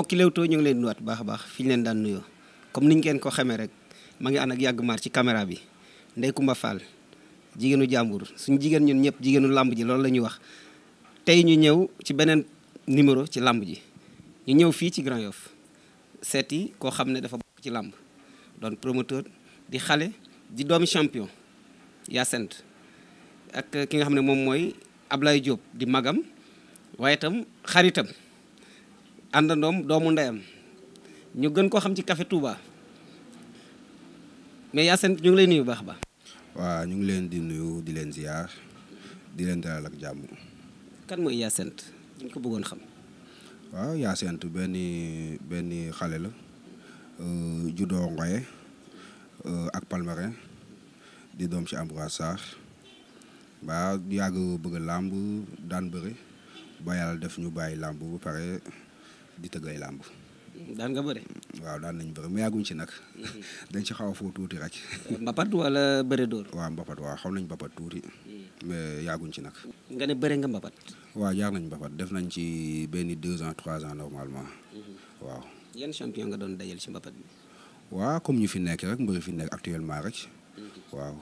mbokki Leewtoo ñu ngi leen nuyuwaat baax a baax fi ñu leen daan nuyoo comme niñ ngeen ko xamee rek ma ngi ànd ak yàgg maar ci caméra bi Ndeye Coumba Fall jigéenu jàmbur suñu jigéen ñun ñëpp jigéenu làmb ji lool la wax tey ñu ñëw ci beneen numéro ci làmb ji ñu ñëw fii ci Grand Yoff seet yi koo xam ne dafa bokk ci làmb doon promoteur di xale di doomi champion Yacine ak ki nga xam ne moom mooy Ablaye jóob di magam waaye tam xaritam àndandoom doomu ndeyam ñu gën koo xam ci café Touba mais Yacine ñu ngi lay nuyu baax ba waaw ñu ngi leen di nuyu di leen ziar di leen dalal ak jàmm. kan mooy Yacine ñu ko bëggoon xam. waaw Yacine benn xale la euh, juddoo Ngoye euh, ak Palmarin di doom ci Ambroise Sarr waaw yàgg bëgg làmb daan bëri ba yàlla def ñu bàyyi làmb bu pare. di tëggay làmb. daan nga bëre. waaw daan nañ bëre mu yàgguñ ci nag. Mm-hmm. dañ ci xaw a foo tuuti rek. mbapat wala bëre dóor. waaw mbapat waaw xaw nañ mbapat tuuti. Mm. mais yàgguñ ci nag. nga ne bëre nga mbapat. waaw jaar nañ mbapat def nañ ci benn deux ans trois ans normalement. Mm-hmm. waaw. yan champion nga doon dajal ci mbapat bi. waaw comme ñu fi nekk rek mbëri fi nekk actuellement rek. Mm-hmm. waaw.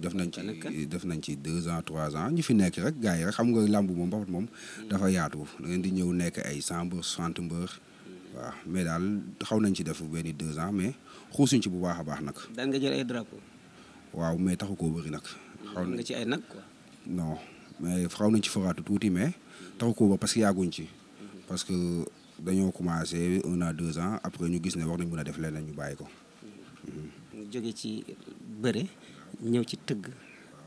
def nañ ci def nañ ci deux ans trois ans ñu fi nekk rek yi rek xam nga làmbu moom mbapat moom hmm. dafa yaatu da ngeen di ñëw nekk ay cent sant soixante mbër hmm. waaw mais daal xaw nañ ci def benn deux ans mais xuusuñ ci bu baax a baax nag. daan nga jël ay drapeau waaw mais taxu koo bëri nag. Hmm, xaw nga ci ay nag quoi. non mais xaw nañ ci foraatu tuuti mais taxu koo bëri parce que yàgguñ ci. parce que dañoo commencé un an deux ans après ñu gis ne wax nañ mën a def leneen ñu bàyyi ko. ñu jóge ci bëre. ñëw ci tëgg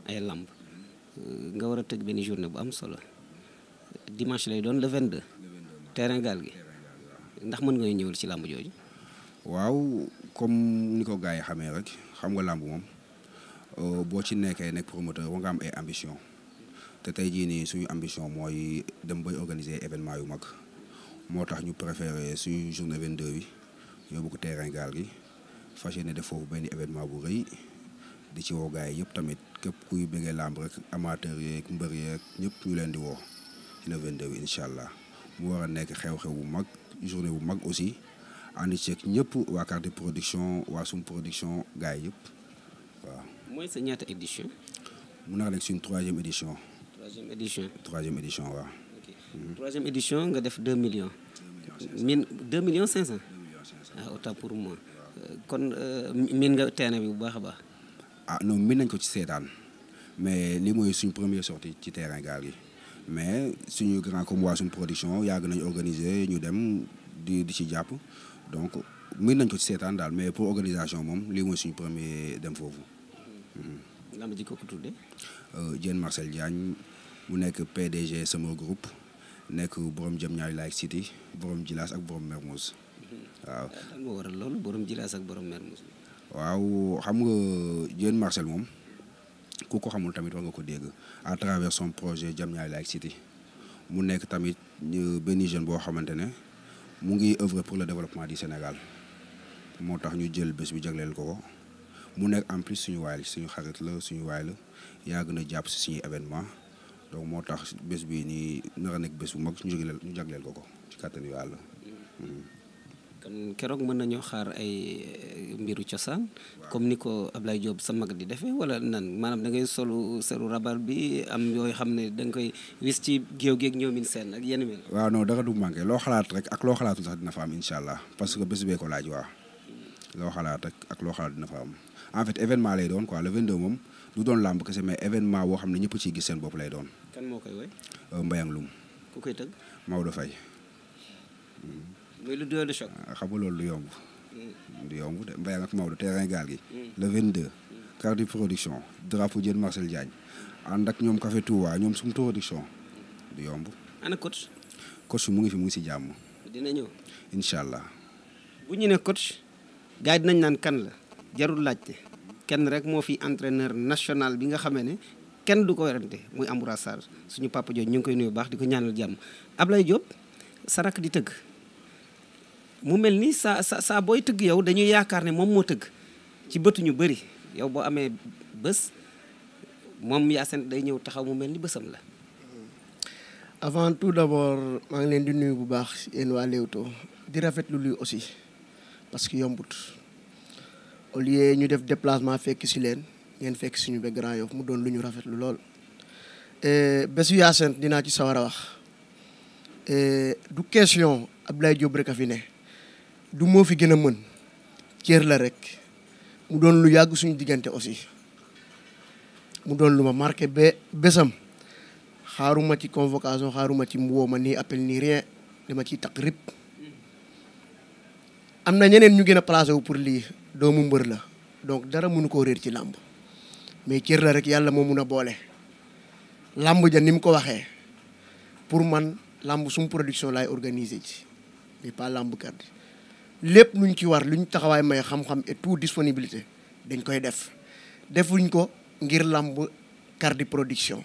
ay làmb euh, nga war a tëgg benn journée bu am solo dimanche lay doon le 22 terrain gi ndax mën nga ñëwal ci làmb jooju. waaw comme ni ko gars yi xamee rek xam nga làmb moom euh, boo ci nekkee nekk promoteur war nga am ay ambition te tey jii nii suñu ambition mooy dem bay organiser événement yu mag moo tax ñu préféré suñu journée 22 bi yóbbu ko terrain gaal gi fas ne def foofu benn événement bu rëy. di ci woo gaay yëpp tamit képp kuy bëggee làmb rek amateur yeeg mbër yeeg ñëpp ñu leen di woo ci le 22 incha allah mu war a nekk xew-xew bu mag journée bu mag aussi ànd ñëpp waa production waa sum production gaay yëpp waaw. mooy sa ñaata édition. mun naa nekk suñu troisième édition. troisième édition troisième édition waaw. Mhm. édition nga def 2 millions. 2 millions 2 millions ah, pour moi. Euh, kon euh, miin nga terrain bi bu baax baax. ah non mën nañ ko ci seetaan mais li mooy suñ première sortie ci terrain yi mais suñu grand comme waa suñu production yàgg nañ organiser ñu dem di di ci jàpp donc mën nañ ko ci seetaan daal mais pour organisation moom lii mooy suñu premier dem foofu. lamb hmm. ji ko ko tuddee. Euh, Diène Marcel Diagne mu nekk PDG sama groupe nekk borom Diamniadio Like City borom Djilass ak borom Mermoz hmm. waaw. lan moo waral loolu borom Djilass ak borom Mermoz. waaw xam nga Jean Marcel moom ku ko xamul tamit war nga ko dégg à travers son projet Diamniadio Life City mu nekk tamit benn jeune boo xamante ne mu ngi œuvrer pour le développement du Sénégal moo tax ñu jël bés bi jagleel ko ko mu nekk en plus suñu waay suñu xarit la suñu waay la yàgg na jàpp si suñuy événement donc moo tax bés bi nii nar nekk bés bu mag ñu jagleel ñu jagleel ko ko ci kàttanu Yàlla. Hmm. kon keroog mën nañoo xaar ay eh, mbiru cosaan comme ni ko Ablaye Diop sa mag di defee wala nan maanaam da ngay solu seru rabar bi am yooyu xam ne da nga koy wis ci géew géeg ñoomin seen ak yenn mel waaw non dara du loo xalaat rek ak loo xalaatu sax dina am incha allah parce que bés ko laaj waaw loo xalaat ak loo xalaat dina fa am en fait événement lay doon quoi le 22 moom du doon làmb kese mais événement boo xam ne ñëpp ciy gis seen bopp lay doon. kan moo koy woy. Euh, Mbayang Loum. ku koy tëgg. Maodo Faye. Hmm. muy lu doon choc. Ah, xam nga loolu lu yomb. Hmm. du yomb de Mbayang ak Maodo terrain gaal gi. Hmm. le 22. Cardi production drapeau Diène Marcel Diagne ànd ak ñoom Café Touba ñoom sumu production du yomb. ana coach. coach mu ngi fi mu ngi si jàmm. dina ñëw. incha allah. bu ñu ne coach. gars yi dinañ naan kan la. jarul laajte. kenn rek moo fi entraîneur national bi nga xamee ne kenn du ko werante muy Amoura suñu papa jooju ñu ngi koy nuyu baax di ko ñaanal jàmm Ablaye Diop sarak di tëgg. mu mel ni saa sa saa booy tëgg yow dañuy yaakaar ne moom moo tëgg ci bëtu ñu bëri yow boo amee bës moom Yacine day ñëw taxaw mu mel ni bësam la. avant tout d'abord maa ngi leen di nuyu bu baax yéen waa Leewtoo di rafetlu luy aussi parce que yombut au lieu ñu def déplacement fekk si leen ngeen fekk suñu ba Grand Yoff mu doon lu ñu rafetlu lool. Eh, bésu Yacine dinaa ci sawar a wax eh, du question Abdoulaye Diop rek a fi ne. du moo fi gën a mën cër la rek mu doon lu yàgg suñu diggante aussi mu doon lu ma marqué ba bésam xaaruma ci convocation xaaruma ci mu ma nii appel nii rien ma ciy takk rip am na ñeneen ñu gën a placé wu pour lii doomu mbër la donc dara mënu koo réer ci làmb mais cër la rek yàlla moo mun a boole làmb ja ni mu ko waxee pour man làmb sum production lay organiser ci mais pas làmb kàddu lépp luñ ci war luñ taxawaay may xam-xam et tout disponibilité dañ koy def defuñ ko ngir làmb cardi production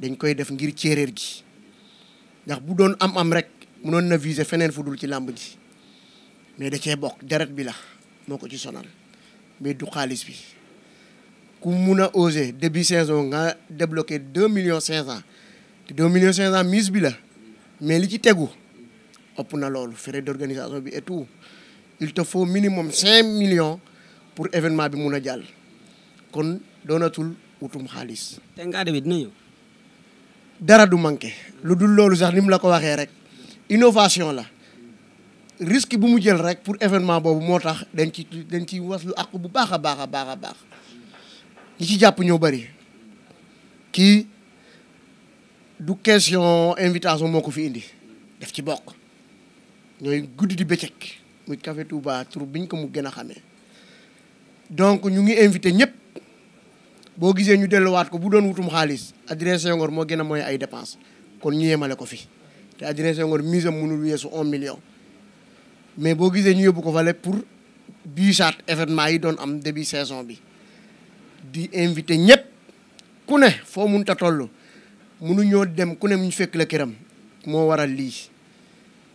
dañ koy def ngir céeréer gi ndax bu doon am-am rek mënoon na viser feneen fu dul ci làmb ji mais de cee bokk deret bi la moo ko ci sonal mais du xaalis bi ku mun a osé début saison nga débloqué deux millions cinq cent te deux millions cinq cent mise bi la mais li ci tegu ëpp na loolu frais d'organisation bi et tout il te faut minimum cinq millions pour événement bi mu a jàll kon doonatul utum xaalis. te Ngaada dina ñëw. dara du manqué. lu dul loolu sax ni la ko waxee rek innovation la risque bu mu jël rek pour événement boobu moo tax dañ ci dañ ci waslu àq bu baax a baax a baax a baax ñi ci jàpp ñoo bari kii du question invitation moo ko fi indi daf ci bokk ñooy guddi di bëccëg. muy Café Touba tur biñ ko mu gën a xamee donc ñu ngi invité ñëpp boo gisee ñu delluwaat ko bu doon wutum xaalis Adrien Senghor moo gën a mooy ay dépense kon ñu yemale ko fi te Adrien Senghor mise am mënul weesu million mais boo gisee ñu yóbbu ko fale pour biisaat événement yi doon am début saison bi di invité ñëpp ku ne foo munta toll mënuñoo dem ku ne mu ñu fekk la këram moo waral lii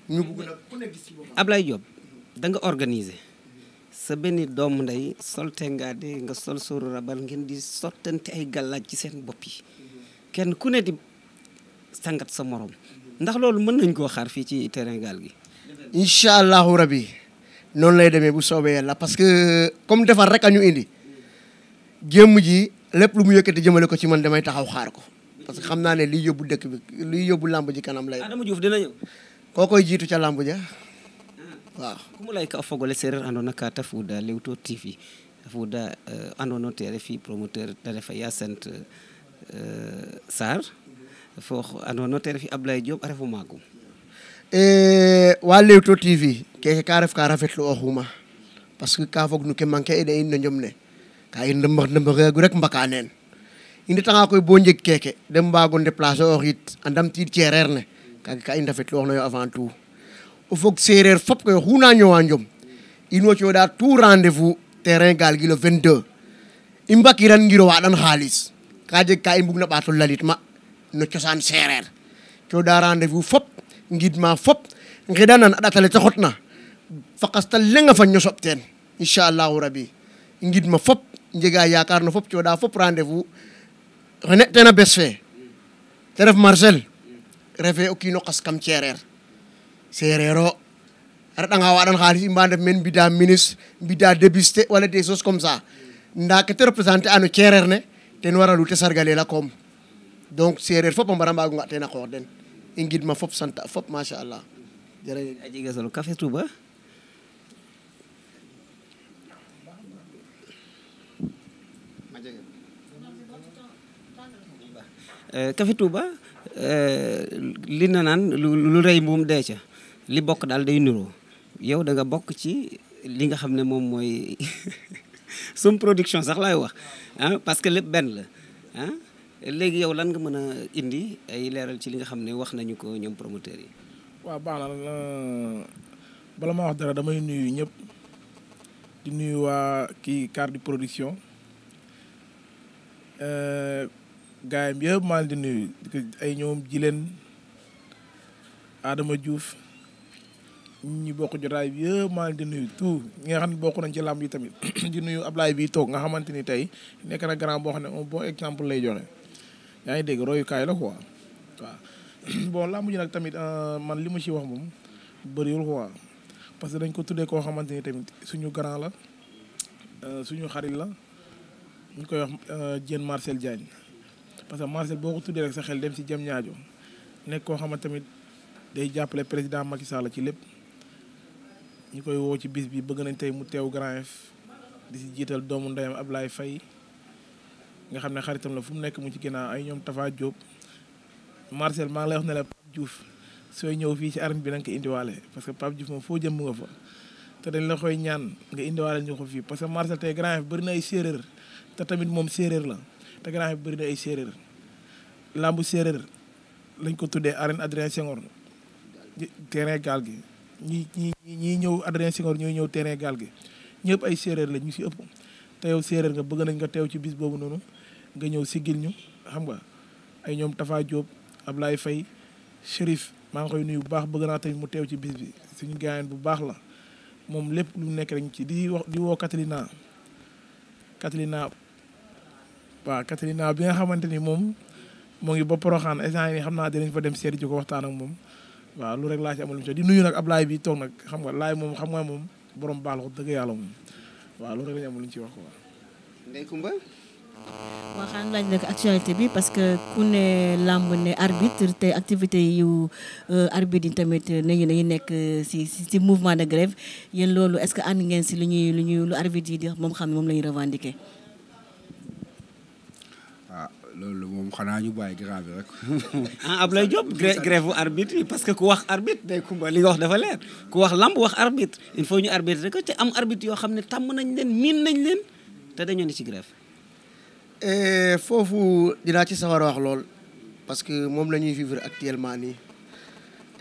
ñu bëgg nag ku ne gis da nga organiser sa benn doomu ndey sol tengaade nga sol sóoru rabal ngeen di sottante ay gàllaaj ci seen bopp yi kenn ku ne di sangat sa moroom ndax loolu mën nañ koo xaar fii ci terrain gaal gi incha allahu rabi noonu lay demee bu soobee yàlla parce que comme defar rek a ñu indi jëmm ji lépp lu mu yëkkati jëmale ko ci man damay taxaw xaar ko parce que xam naa ne liy yóbbu dëkk bi liy yóbbu làmb ji kanam lay Adama Diouf dina koo koy jiitu ca làmb ja waaw kumulay ka a fogole sereer andoona ka ta fuuda Leewtoo TV a fuuda euh, andoona te refi promoteur ta ref a Hyacinthe euh, Sarr fo andoona te refi Ablaye Diop a refu maagum eh, wa Leewtoo TV keke ka ref ka rafetlu oxuma parce que ka fog no ke manquer ina e in no ne ka i ndëmbax ndëmbaxeegu rek mbaka neen i koy bo njeg keke de mbago déplacer oox it a cereer ne kaaga ka i rafetlu ox no avant tout o fog séeréer fop koy oxu na ñoowa njom in way cooɗa rendez-vous terrain gaal gi le i mbakiran ngir o waaɗan ka jeg ka i mbug na ɓaato lalit ma no cosaan séeréer cooɗa rendez-vous fop ngidma fop ngeɗanan a ɗatale te xotna fakasta lenga fa ño soɓ teen inchallahu rabi ngidma fop njega yakar no fop cooɗa fop rendez-vous xene tena bes fe te ref Marcel refe o kiino qas kam ceereer seereer o a reɗanga waɗan xaalis i mba ndef meen mbida ministre mbida débusté wala des choses comme ça nda ke te représenter ano ceereer ne ten waralu te sargalel a koom donc seereer fop a mbara mbaago nga teen a qoox den i ngidma fop sant fop machallah jërëjëf a jega solo Café euh, euh, na naan lu rëy mbuum deeca li bokk daal day nuroo yow danga bokk ci li nga xam ne moom mooy sum production sax laay wax ah parce que lépp benn la ah. léegi yow lan nga mën a indi ay leeral ci li nga xam ne wax nañu ko ñoom promoteurs yi. waaw baax na bala ma wax dara damay nuyu ñëpp di nuyu waa kii Cardi Production euh, gaayam yëpp maa ngi di nuyu ay ñoom jileen aadama Diouf. ñi bokk jotaay bi yëpp maa ngi di nuyu tout ñi nga xam ne bokk nañ ci làmb yi tamit di nuyu Ablaye bi toog nga xamante ni tey nekk na grand boo xam ne un bon exemple lay joxe yaa ngi dégg royukaay la quoi waaw bon làmb nag tamit euh, man li mu ci wax moom bëriwul quoi que dañ ko tuddee koo xamante ni tamit suñu grand la euh, suñu xarit la ñu koy wax euh, Diène Marcel Diagne parce que Marcel boo tuddee rek sa xel dem ci jëm ñaajo nekk koo xamante tamit day jàppale président Macky la ci lépp ñu koy wow ci bis bi bëgg nañ tey mu teew Grand Yoff di si jiital doomu ndeyam Ablaye Faye nga xam ne xaritam la fu mu nekk mu ci ginnaaw ay ñoom Tafa jóob Marcel maa ngi lay wax ne la Pape sooy ñëw fii ci arme bi na nga indiwaale parce que Pape Diouf foo jëm nga fa te dañ la koy ñaan nga indiwaale ñu ko fii parce que Marcel tey Grand Yoff bëri na ay séeréer te tamit moom séeréer la te Grand Yoff bëri na ay séeréer làmbu séeréer lañ ko tuddee arène Adrien Senghor terrain gaal gi ñi ñi ñi ñëw Adrien Senghor ñooy ñëw terrain gaal gi ñëpp ay séeréer lañ ñu si ëpp te yow séeréer nga bëgg nañ nga teew ci bis boobu noonu nga ñëw siggil ñu xam nga ay ñoom Tafa Diop Ablaye Faye Chérif maa ngi koy nuyu bu baax bëgg naa tamit mu teew ci bis bi suñu gaayaan bu baax la moom lépp lu nekk rek ci di wax di woo Catalina Catalina waa Catalina bi nga xamante ni moom moo ngi ba Poroxaan instant yii xam naa dinañ fa dem seeti ji ko waxtaan ak moom. waaw lu rek laa ci amul lu ci di nuyu nag ab laay bi toog nag xam nga laay moom xam nga moom borom baal ko dëgg yàlla moom waaw lu rek la ci wax ko waaw. Ndeye Comba. waaw xanaa laaj nag bi parce que ku ne làmb ne arbitre te activité yu euh, arbitre yi tamit nañu dañuy nekk euh, si si mouvement de grève yéen loolu est-ce que ànd ngeen si lu ñuy lu ñuy lu arbitre yi di moom xam ne moom la ñuy revendiquer. loolu moom xanaa ñu bàyyi grève rek. ah Ablaye Diop grève bu arbitre parce que ku wax arbitre day kumba li nga wax dafa leer ku wax lamb wax arbitre il faut ñu arbitre ko ci am arbitre yoo xam ne tàmm nañ leen miin nañ leen te dañoo ne ci grève. Eh, foofu dinaa ci sawar wax lool parce que moom la ñuy vivre actuellement nii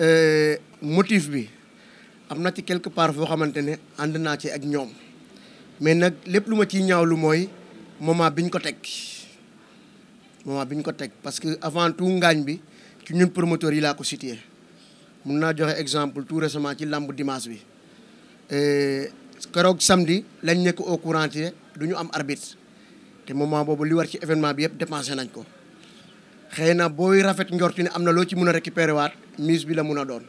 eh, motif bi am na ci quelque part foo xamante ne ànd naa ci ak ñoom mais nag lépp lu ma ciy lu mooy moment biñ ko teg. moment bi ñu ko teg parce que avant tout ngaañ bi ci ñun promoteurs yi laa ko situé mun naa joxe exemple tout récemment ci làmb dimanche bi keroog samedi lañ nekk au courant du ñu am arbitre te moment boobu li war ci événement bi yëpp dépensé nañ ko xëy na booy rafet njorti ne am na loo ci mun a récupérer waat mise bi la mun a doon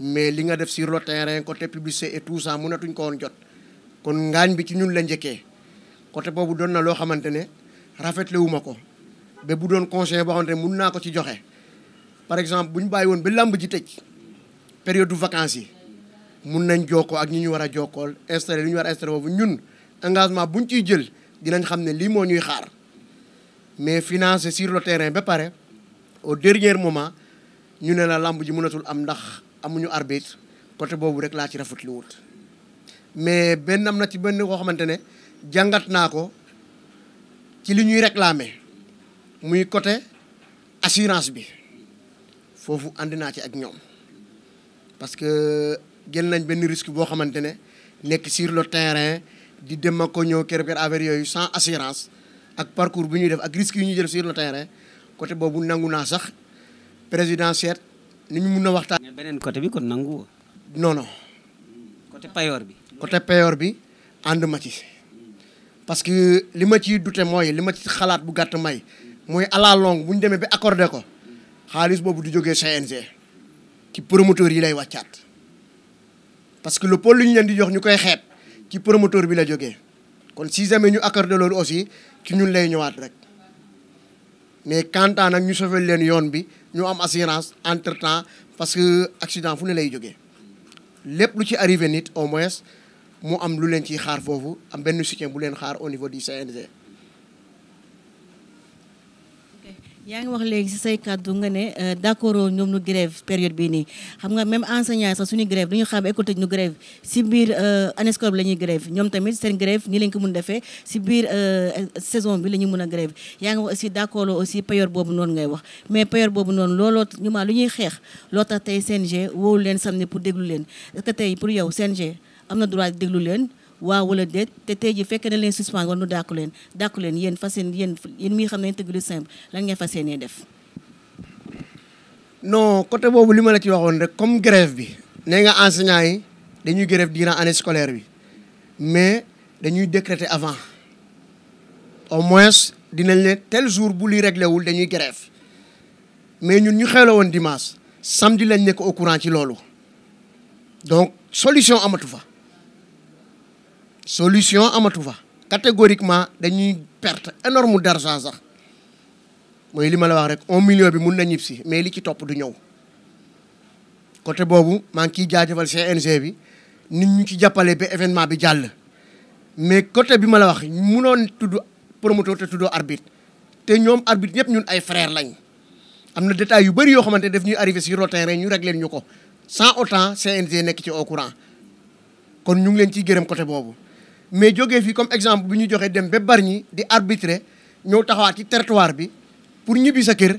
mais li nga def sur le terrain côté publicité et tout ça mënatuñ ko woon jot kon ngaañ bi ci ñun la njëkkee côté boobu doon na loo xamante ne rafetlu ma ko ba bu doon conseil boo xamante ne mun naa ko ci joxe par exemple bu ñu bàyyi woon ba làmb ji teg période du vacances yi mun nañ jokkoo ak ñi ñu war a jokkool installé li ñu war a installé boobu ñun engagement bu ñu ciy jël dinañ xam ne lii moo ñuy xaar mais financer sur le terrain ba pare au dernier moment ñu ne la làmb ji mënatul am ndax amuñu arbitre côté boobu rek laa ci rafetlu wut. mais benn am na ci benn koo xamante ne jàngat naa ko ci li ñuy réclamer. muy côté assurance bi foofu ànd naa ci ak ñoom parce que jël nañ benn risque boo xamante ne nekk sur le terrain di dem ak ko ñëw kër kër affaire yooyu sans assurance ak parcours bu ñuy def ak risque yi ñuy jël sur le terrain côté boobu nangu naa sax président seet ni ñu mun a waxtaan. mais beneen côté bi kon nangu. non nono côté payoor bi. côté payoor bi ànd ma ci parce que li ma ciy dute mooy li ma ci xalaat bu gàtt may. mooy à bu ñu demee ba accordé ko xaalis boobu du jógee CNG ci promoteur yi lay wàccaat parce que le pôle lu ñu leen di jox ñu koy xeet ci promoteur bi la jógee kon si jamais ñu accordé loolu aussi ci ñun lay ñëwaat rek mais quant nag ñu sofel leen yoon bi ñu am assurance entre temps parce que accident fu ne lay jógee lépp lu ci arrivé nit au moins mu am lu leen ciy xaar foofu am benn soutien bu leen xaar au niveau du CNG. yaa ngi wax léegi si say kàddu nga ne euh, d'accord ñoom nu grève période bii nii xam nga même enseignant sax suñu grève duñu xam école tëj ñu grève si biir euh, année scolaire la ñuy grève ñoom tamit seen grève nii lañ ko mun defee si biir euh, saison bi la ñuy mun a grève yaa ngi wax aussi d'accord aussi période boobu noonu ngay wax mais période boobu noonu looloo ñu maa lu ñuy xeex loo tax tey CNG wóolu leen samedi pour déglu leen est-ce que tey pour yow CNG am na droit déglu leen waaw wala de te tey ji fekkee na leen suspendre wala nu dàkku leen dàkku leen yéen fas yéen yéen yéen mi xam ne intégrité simple lan ngeen fas yéenee def. non côté boobu li ma la ci waxoon rek comme grève bi nee nga enseignants yi dañuy grève durant année scolaire bi mais dañuy décréter avant au moins dinañ ne tel jour bu li réglé wul dañuy grève mais ñun ñu xewle woon dimanche samedi lañ nekk au courant ci loolu donc solution amatu fa. solution amatu fa catégoriquement dañuy perte énorme d'argent sax mooy li ma la wax rek un million bi mun na ñib si mais li ci topp du ñëw côté boobu maa ngi ciy jaajëfal CNG bi nit ñu ci jàppale ba événement bi jàll mais côté bi ma la wax munoon tudd promoteur te tuddoo arbitre te ñoom arbitre ñëpp ñun ay frère lañ am na détails yu bëri yoo xamante daf ñuy arrivé sur le terrain ñu leen ñu ko sans autant CNG nekk ci au courant kon ñu ngi leen ciy gërëm côté boobu mais jógee fii comme exemple bi ñu joxee dem ba Bargny di arbitrer ñëw taxawaat ci territoire bi pour ñibbi sa kër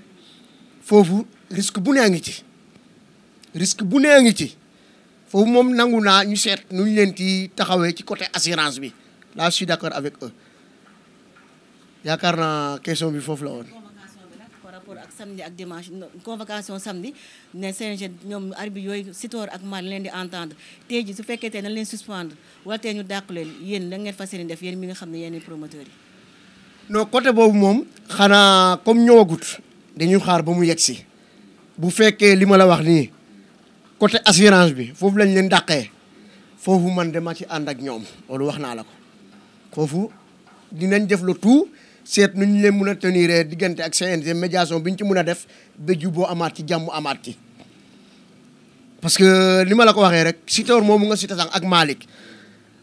foofu risque bu nee ngi ci risque bu nee ngi ci foofu moom nangu naa ñu seet nu ñu leen ci taxawee ci côté assurance bi là je suis d'accord avec eux yaakaar naa question bi foofu la woon rapport ak samedi ak dimanche convocation samedi ne CNG ñoom arbitre yooyu Sitor ak Mar leen di entendre tey ji su fekkee tey nañ leen suspendre wala tey ñu dàqu leen yéen la ngeen fas yéene def yéen mi nga xam ne yéen promoteurs yi non côté boobu moom xanaa comme ñëwagut dañuy xaar ba mu yegg si bu fekkee li ma la wax nii côté assurance bi foofu lañ leen dàqee foofu man dema ci ànd ak ñoom loolu wax naa la ko foofu dinañ def le tout seet nu ñu leen mun a tenir diggante ak CNG médiation bi ñu ci mun a def ba juboo amaat ci jàmm amaat ci. parce que ni ma la ko waxee rek Sitor moomu nga Sitor ak Malick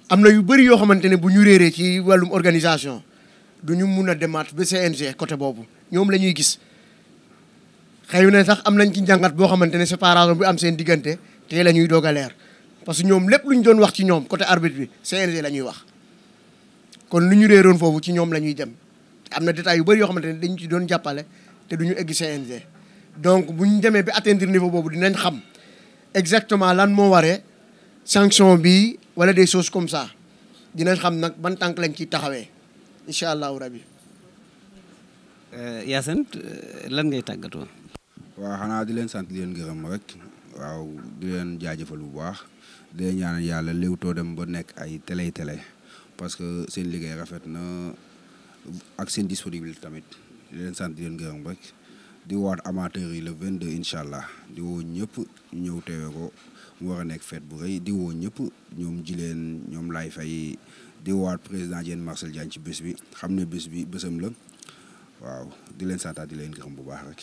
am na yu bëri yoo xamante ne bu ñu réeree ci wàllum organisation du ñu mun a demaat ba CNG côté boobu ñoom la ñuy gis. xëy na sax am nañ ci njàngat boo xamante ne séparation bi am seen diggante te la ñuy doog a parce que ñoom lépp lu ñu doon wax ci ñoom côté arbitre bi CNG la ñuy wax kon lu ñu réeroon foofu ci ñoom la ñuy dem. am na détails yu bëri yoo xamante ne dañu ci doon jàppale te duñu egg CNG donc bu ñu demee bi atteindre niveau boobu dinañ xam exactement lan moo waree sanction bi wala des choses comme ça dinañ xam nag ban tànk lañ ciy taxawee incha allahu rabi. Euh, Yacine euh, lan ngay tàggatoo. waaw xanaa di leen sant di leen gërëm rek waaw di leen jaajëfal bu baax de ñaan ñaanal yàlla Leewtoo dem ba nekk ay télé télé parce que seen liggéey rafet na. ak seen disponibilité tamit di leen sant di leen gërëm rek di waat amateurs yi le 22 incha allah di woo ñëpp ñëw teewee ko mu war a nekk fête bu rëy di woo ñoom jileen ñoom laay fay di waat président Diène Marcel Diagne ci bés bi xam ne bés bi bésam la waaw di leen santaat di leen gërëm bu baax rek.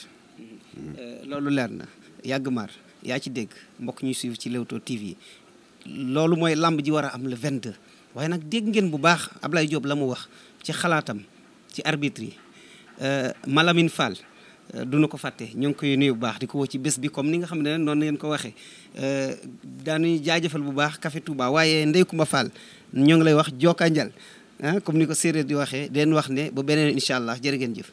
Mm-hmm. Euh, loolu leer na yàgg maar yaa ci dégg mbokk ñu suivre ci Leewtoo TV loolu mooy lamb ji war am le 22 waaye nag dégg ngeen bu baax Ablaye Diop la mu wax ci ci arbitre yi euh, Malamine Fall euh, duñu ko fatte ñoo ngi koy nuyu bu baax di ko woo ci bés bi comme ni nga xam ne noon ngeen ko waxee euh, daanuy jaajëfal bu baax Café Touba waaye Ndey Kumba ñoo ngi lay wax jokka njal ah comme ni ko séeréer di waxee den wax ne ba beneen incha allah jër ngeen jëf